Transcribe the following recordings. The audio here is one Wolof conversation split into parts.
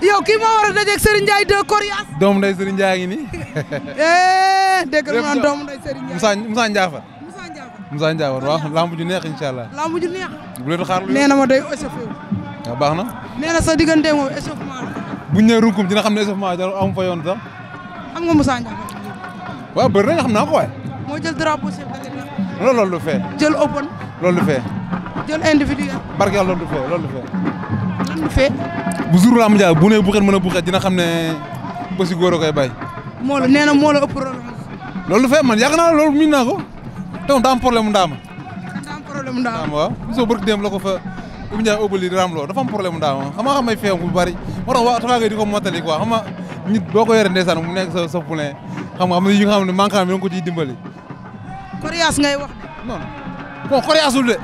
yow kii moo war a dajeeg Serigne doomu nday Serigne Ndiaye ngi nii. Eh, dégg doomu nday Serigne Ndiaye Moussa Moussa Ndiafar. Moussa Ndiafar ju neex incha allah. lamb ju neex. bu leen xaar na ah, baax na. nee sa diggante bu ñu nee runkum xam ne échauffement ma amu fa yoon sax. xam nga Moussa Ndiafar. waaw bëri na xam naa ko waay. moo jël drapeau chef de l'État. loolu loolu lu fee. jël open. loolu lu fee. jël individuel. barke yàlla loolu fee. bu jour laa am jaay bu mën a bu xet dina ne bési góor a koy bay. moo la nee na moo la ëpp problème. loolu du fee man yàgg naa loolu miin naa ko te moom daa am problème mu ndaama. daa am problème mu ndaama la ko fa Ibou Ndiaye obali ramloo dafa am problème mu ndaama xam nga xam ay bari moo tax waa Tafa Gueye ko mottali quoi xam nga nit boo ko yoree mu nekk so sa poulain xam nga am na yi nga xam ne manquant bi ko ciy dimbali. coriace ngay wax. non non coriace wul de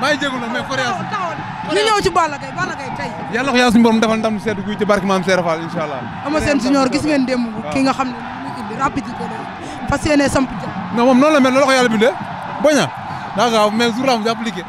maa ñu ñëw ci Balla Gaye Balla Gaye tey yàlla ko yàlla suñu borom defal ndam guy ci barke maam Serap Fall incha allah ama seen junior gis ngeen démb ki nga xam ne mu indi la mel noonu la ko bindee boña daa gaaw mais jour am appliqué